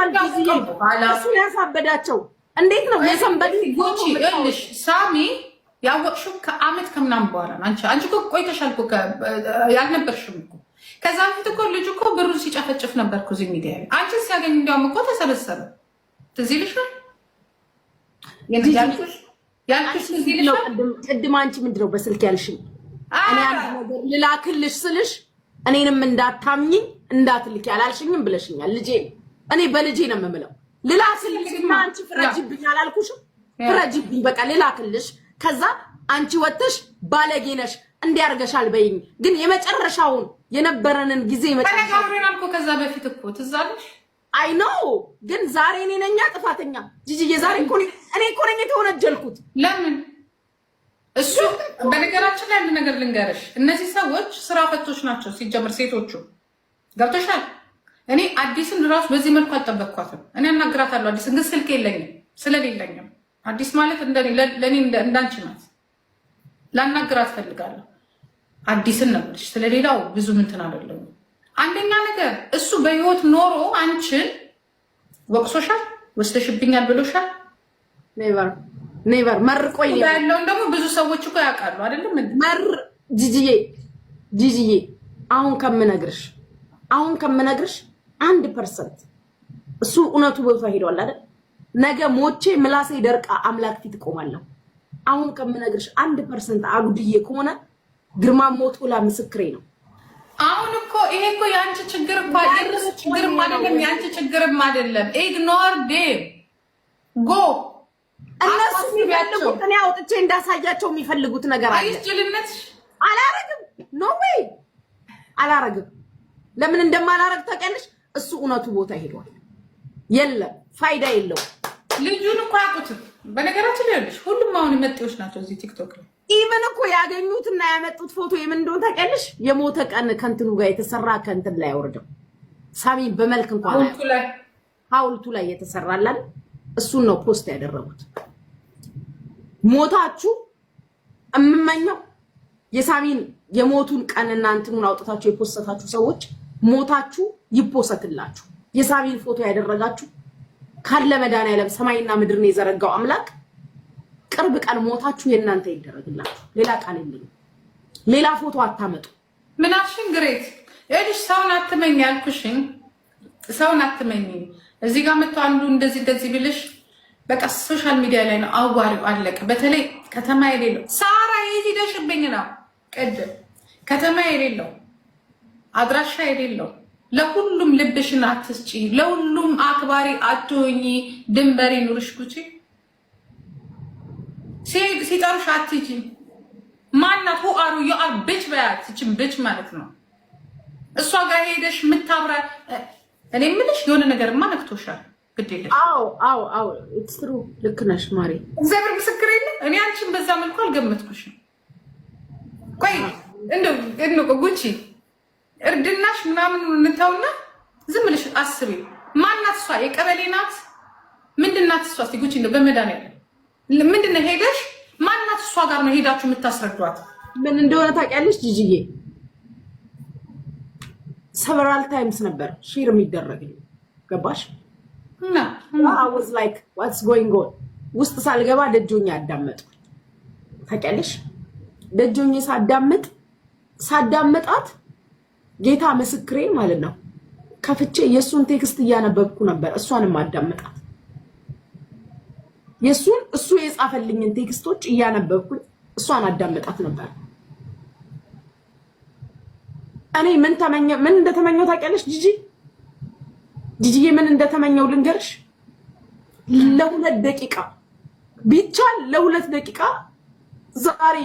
ሞቷል። እሱን ያሳበዳቸው እንዴት ነው የሰንበድ ሳሚ ያወቅሽው ከአመት ከምናምን በኋላ ነው። አንቺ አንቺ እኮ ቆይተሻል እኮ ያልነበርሽም እኮ ከዛ በፊት እኮ ልጅ እኮ ብሩን ሲጨፈጭፍ ነበር እኮ እዚህ ሚዲያ ላይ ሲያገኝ እንዲያውም እኮ ተሰበሰበ። ትዝ ይልሻል ቅድም አንቺ ምንድን ነው በስልክ ያልሽኝ እኔ አንድ ነገር ልላክልሽ ስልሽ እኔንም እንዳታምኝ እንዳትልኪ አላልሽኝም ብለሽኛል ልጄ እኔ በልጄ ነው የምምለው። ልላክልሽና አንቺ ፍረጅብኝ አላልኩሽም? ፍረጅብኝ በቃ ልላክልሽ። ከዛ አንቺ ወጥሽ ባለጌ ነሽ እንዲያርገሻል በይኝ። ግን የመጨረሻውን የነበረንን ጊዜ ከዛ በፊት እኮ ትዝ አለሽ አይ ነው ግን ዛሬ እኔ ነኝ ጥፋተኛ። ጂጂዬ ዛሬ እኔ እኮ ነኝ የተወነጀልኩት። ለምን እሱ በነገራችን ላይ አንድ ነገር ልንገርሽ፣ እነዚህ ሰዎች ስራ ፈቶች ናቸው ሲጀምር ሴቶቹ ገብቶሻል። እኔ አዲስን ራሱ በዚህ መልኩ አልጠበቅኳትም። እኔ አናግራታለሁ አዲስን፣ ግን ስልክ የለኝም ስለሌለኝም አዲስ ማለት ለእኔ እንዳንቺ ናት። ላናግራት ፈልጋለሁ። አዲስን ነበርሽ። ስለሌላው ብዙ ምንትን አይደለም። አንደኛ ነገር እሱ በህይወት ኖሮ አንቺን ወቅሶሻል፣ ወስደሽብኛል ብሎሻል። ኔቨር መርቆ ያለውን ደግሞ ብዙ ሰዎች እኮ ያውቃሉ አደለም። መር ጂጂዬ ጂጂዬ አሁን ከምነግርሽ አሁን ከምነግርሽ አንድ ፐርሰንት እሱ እውነቱ ቦታ ሄደዋል አይደል? ነገ ሞቼ ምላሴ ደርቃ አምላክ ፊት እቆማለሁ። አሁን ከምነግርሽ አንድ ፐርሰንት አጉድዬ ከሆነ ግርማ ሞቶላ ምስክሬ ነው። አሁን እኮ ይሄ እኮ የአንቺ ችግር ባይደርስ ችግርም አይደለም፣ የአንቺ ችግርም አይደለም። ኢግኖር ዴም ጎ እነሱ የሚፈልጉት እኔ አውጥቼ እንዳሳያቸው የሚፈልጉት ነገር አለ። አይስችልነት አላረግም። ኖ ዌይ አላረግም። ለምን እንደማላረግ ታውቂያለሽ? እሱ እውነቱ ቦታ ሄዷል። የለም ፋይዳ የለው። ልጁን እኮ አያውቁትም። በነገራችን ላይ ያለሽ ሁሉም አሁን መጤዎች ናቸው እዚህ ቲክቶክ ላይ ኢቨን እኮ ያገኙት እና ያመጡት ፎቶ የምን እንደሆነ ታውቂያለሽ? የሞተ ቀን ከእንትኑ ጋር የተሰራ ከንትን ላይ ያወርደው ሳሚን በመልክ እንኳን ሀውልቱ ላይ የተሰራላል። እሱን ነው ፖስት ያደረጉት። ሞታችሁ የምመኘው የሳሚን የሞቱን ቀንና እንትኑን አውጥታችሁ የፖስተታችሁ ሰዎች ሞታችሁ ይፖሰትላችሁ። የሳቢን ፎቶ ያደረጋችሁ ካለ መድኃኒዓለም ሰማይና ምድርን የዘረጋው አምላክ ቅርብ ቀን ሞታችሁ የእናንተ ይደረግላችሁ። ሌላ ቃል የለኝም። ሌላ ፎቶ አታመጡ። ምናሽን ግሬት እድሽ ሰውን አትመኝ ያልኩሽኝ፣ ሰውን አትመኝ። እዚህ ጋር መጥቶ አንዱ እንደዚህ እንደዚህ ብልሽ በቃ ሶሻል ሚዲያ ላይ ነው አዋሪው፣ አለቀ። በተለይ ከተማ የሌለው ሳራ የት ሄደሽብኝ ነው ቅድም ከተማ የሌለው አድራሻ የሌለው ለሁሉም ልብሽን አትስጪ፣ ለሁሉም አክባሪ አትሆኚ፣ ድንበር ይኑርሽ። ጉቺ ሲጠሩሽ አትጂ። ማናት ሁአሩ የአር ብች በያት ይችን ብች ማለት ነው። እሷ ጋር ሄደሽ ምታብራ እኔ ምንሽ የሆነ ነገርማ ነክቶሻል። ግዴለሽ። አዎ አዎ አዎ፣ ትሩ ልክ ነሽ ማሪ፣ እግዚአብሔር ምስክር የለ። እኔ አንቺን በዛ መልኩ አልገመትኩሽም። ቆይ እንደው ጉቺ እርድናሽ ምናምን እንተውና ዝም ብለሽ አስቢ። ማናት እሷ? የቀበሌ ናት? ምንድናት እሷ? እስኪ ጉቺ እንደው በመድኃኒዓለም ምንድን ነው ሄደሽ ማናት እሷ ጋር ነው ሄዳችሁ የምታስረዷት? ምን እንደሆነ ታውቂያለሽ ጂጂዬ? ሰቨራል ታይምስ ነበር ሼር የሚደረግ ገባሽ? አወዝ ላይክ ዋትስ ጎይንግ ኦን ውስጥ ሳልገባ ደጆኛ ያዳመጡ ታውቂያለሽ? ደጆኛ ሳዳምጥ ሳዳምጣት ጌታ ምስክሬ ማለት ነው። ከፍቼ የእሱን ቴክስት እያነበብኩ ነበር። እሷንም አዳምጣት የእሱን እሱ የጻፈልኝን ቴክስቶች እያነበብኩኝ እሷን አዳምጣት ነበር። እኔ ምን ተመኘ ምን እንደተመኘው ታውቂያለሽ? ጂጂ ጂጂዬ ምን እንደተመኘው ልንገርሽ። ለሁለት ደቂቃ ቢቻል ለሁለት ደቂቃ ዛሬ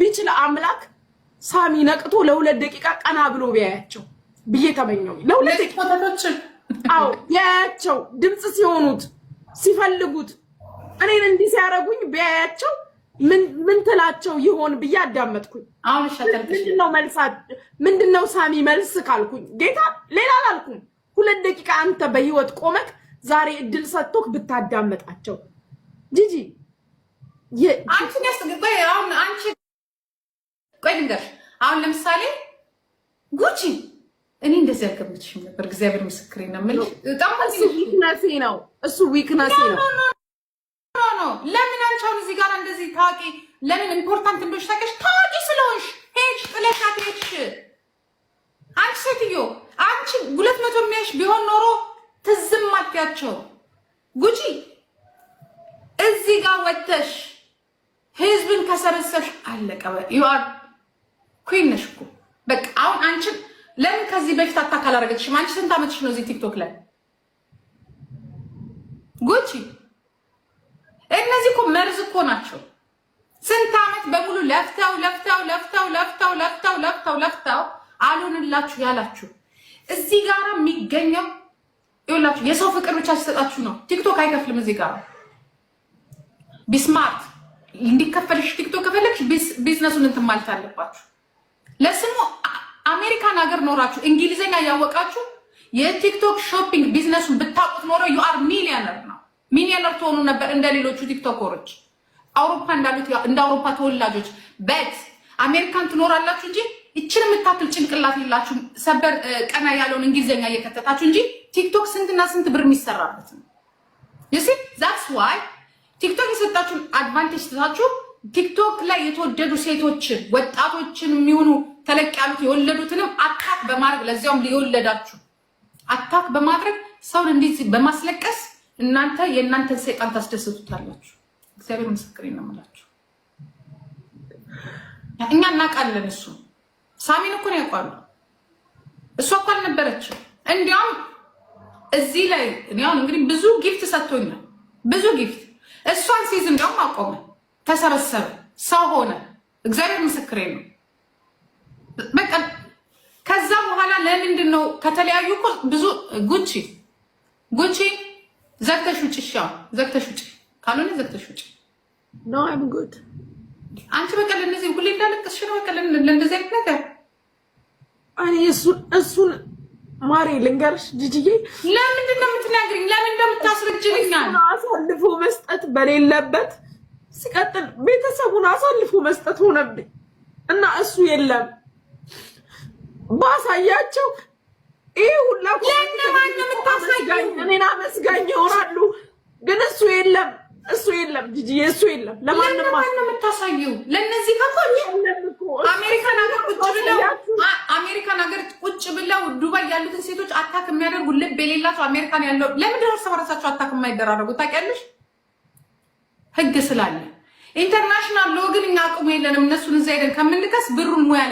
ቢችል አምላክ ሳሚ ነቅቶ ለሁለት ደቂቃ ቀና ብሎ ቢያያቸው ብዬ ተመኘው። ለሁለት አዎ ቢያያቸው ድምፅ ሲሆኑት ሲፈልጉት እኔን እንዲህ ሲያደርጉኝ ቢያያቸው ምን ትላቸው ይሆን ብዬ አዳመጥኩኝ። ምንድነው መልሳ? ምንድነው ሳሚ መልስ ካልኩኝ ጌታ ሌላ አላልኩም። ሁለት ደቂቃ አንተ በህይወት ቆመክ ዛሬ እድል ሰጥቶክ ብታዳመጣቸው ጂጂ አንቺ ቆይ ልንገርሽ፣ አሁን ለምሳሌ ጉቺ እኔ እንደዚህ አልገመትሽም ነበር። እግዚአብሔር ምስክሬ ነው የምልሽ። በጣም ዊክነሴ ነው እሱ ዊክነሴ ነው። ኖ ለምን አንቺ አሁን እዚህ ጋር እንደዚህ ታዋቂ ለምን ኢምፖርታንት እንደሆነሽ ታውቂያለሽ። ታዋቂ ስለሆንሽ ሄጅ ጥለሻት ሄድሽ። አንቺ ሴትዮ አንቺ ሁለት መቶ የሚያሽ ቢሆን ኖሮ ትዝም አትያቸው። ጉቺ እዚህ ጋር ወጥተሽ ህዝብን ከሰረሰብሽ አለቀ። ኩን ነሽ እኮ በቃ አሁን አንቺን ለምን ከዚህ በፊት አታካል አላደረገችሽም? አንቺ ስንት ዓመትሽ ነው እዚህ ቲክቶክ ላይ ጉቺ? እነዚህ እኮ መርዝ እኮ ናቸው። ስንት ዓመት በሙሉ ለፍተው ለፍተው ለፍተው ለፍተው ለፍተው ለፍተው ለፍተው አልሆንላችሁ ያላችሁ እዚህ ጋር የሚገኘው ይኸውላችሁ የሰው ፍቅር ብቻ ሲሰጣችሁ ነው። ቲክቶክ አይከፍልም። እዚህ ጋር ቢስማርት እንዲከፈልሽ ቲክቶክ ከፈለግሽ ቢዝነሱን እንትን ማለት አለባችሁ። ለስሙ አሜሪካን ሀገር ኖራችሁ እንግሊዝኛ ያወቃችሁ የቲክቶክ ሾፒንግ ቢዝነሱን ብታውቁት ኖረው ዩ አር ሚሊዮነር ነው። ሚሊዮነር ትሆኑ ነበር እንደ ሌሎቹ ቲክቶከሮች አውሮፓ እንዳሉት እንደ አውሮፓ ተወላጆች በት አሜሪካን ትኖራላችሁ እንጂ ይችን የምታክል ጭንቅላት የላችሁ ሰበር ቀና ያለውን እንግሊዝኛ እየከተታችሁ እንጂ ቲክቶክ ስንትና ስንት ብር የሚሰራበት ነው። ዩሲ ዛትስ ዋይ ቲክቶክ የሰጣችሁን አድቫንቴጅ ትታችሁ ቲክቶክ ላይ የተወደዱ ሴቶችን ወጣቶችን የሚሆኑ ተለቅ ያሉት የወለዱትንም አታክ በማድረግ ለዚያውም የወለዳችሁ አታክ በማድረግ ሰውን እንዲህ በማስለቀስ እናንተ የእናንተን ሰይጣን ታስደስቱታላችሁ። እግዚአብሔር ምስክር ነው የምላችሁ። እኛ እናውቃለን። እሱ ሳሚን እኮ ነው ያውቋሉ። እሷ እኮ አልነበረችም። እንዲያውም እዚህ ላይ እንግዲህ ብዙ ጊፍት ሰጥቶኛል። ብዙ ጊፍት እሷን ሲይዝ እንዲያውም አቆመ። ተሰበሰበ፣ ሰው ሆነ። እግዚአብሔር ምስክሬ ነው። በቃ ከዛ በኋላ ለምንድን ነው ከተለያዩ እኮ ብዙ ጉቺ ጉቺ ዘግተሽ ውጭ፣ ሻ ዘግተሽ ውጭ፣ ካልሆነ ዘግተሽ ውጭ። አንቺ በቃ ለእነዚህ ሁሌ እንዳለቀስሽ ነው። በቃ ለእንደዚህ አይነት ነገር እኔ እሱን እሱን ማሬ ልንገርሽ ጅጅዬ፣ ለምንድን ነው የምትናገሪኝ? ለምን እንደምታስረጅልኛል? አሳልፎ መስጠት በሌለበት ሲቀጥል ቤተሰቡን አሳልፎ መስጠት ሆነብኝ እና እሱ የለም ባሳያቸው ይህ ሁላ እኔን አመስጋኝ ይሆናሉ። ግን እሱ የለም፣ እሱ የለም፣ ጂጂዬ እሱ የለም። ለማንም የምታሳየው ለእነዚህ አሜሪካን ሀገር ቁጭ ብለው አሜሪካን ሀገር ቁጭ ብለው ዱባይ ያሉትን ሴቶች አታክ የሚያደርጉ ልብ የሌላቸው አሜሪካን ያለው ለምንድን ነው እርስ በርሳቸው አታክ የማይደራረጉ ታውቂያለሽ? ህግ ስላለ ኢንተርናሽናል ሎ ግን እኛ አቅሙ የለንም። እነሱን እዛ ሄደን ከምንከስ ብሩን ሙያ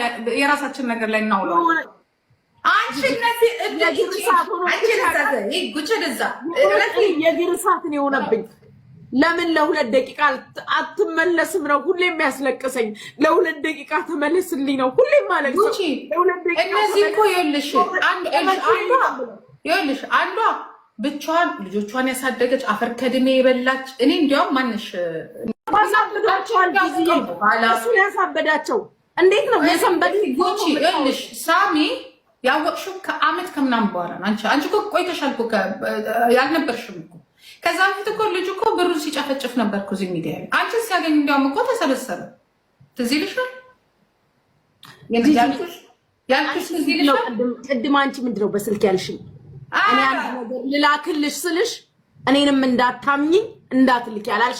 የራሳችን ነገር ላይ እናውለዋለን። አንቺ ነው የሆነብኝ። ለምን ለሁለት ደቂቃ አትመለስም ነው ሁሌ የሚያስለቅሰኝ። ለሁለት ደቂቃ ተመለስልኝ ነው ሁሌ ማለት ነው። እነዚህ እኮ ይኸውልሽ አንዷ ብቻዋን ልጆቿን ያሳደገች አፈር ከድሜ የበላች እኔ እንዲያውም ማንሽ እሱ ያሳበዳቸው እንዴት ነው የሰንበት ሳሚ ያወቅሽው ከአመት ከምናም በኋላ አንቺ አንቺ እኮ ቆይተሻል እኮ ያልነበርሽም እኮ ከዛ በፊት እኮ ልጅ እኮ ብሩን ሲጨፈጭፍ ነበር እኮ እዚህ ሚዲያ ላይ አንቺን ሲያገኝ እንዲያውም እኮ ተሰበሰበ። ትዝ ይልሻል ያልኩሽ ትዝ ይልሻል። ቅድም አንቺ ምንድን ነው በስልክ ያልሽኝ እኔ አንድ ነገር ልላክልሽ ስልሽ እኔንም እንዳታምኝ እንዳትልክ አላልሽ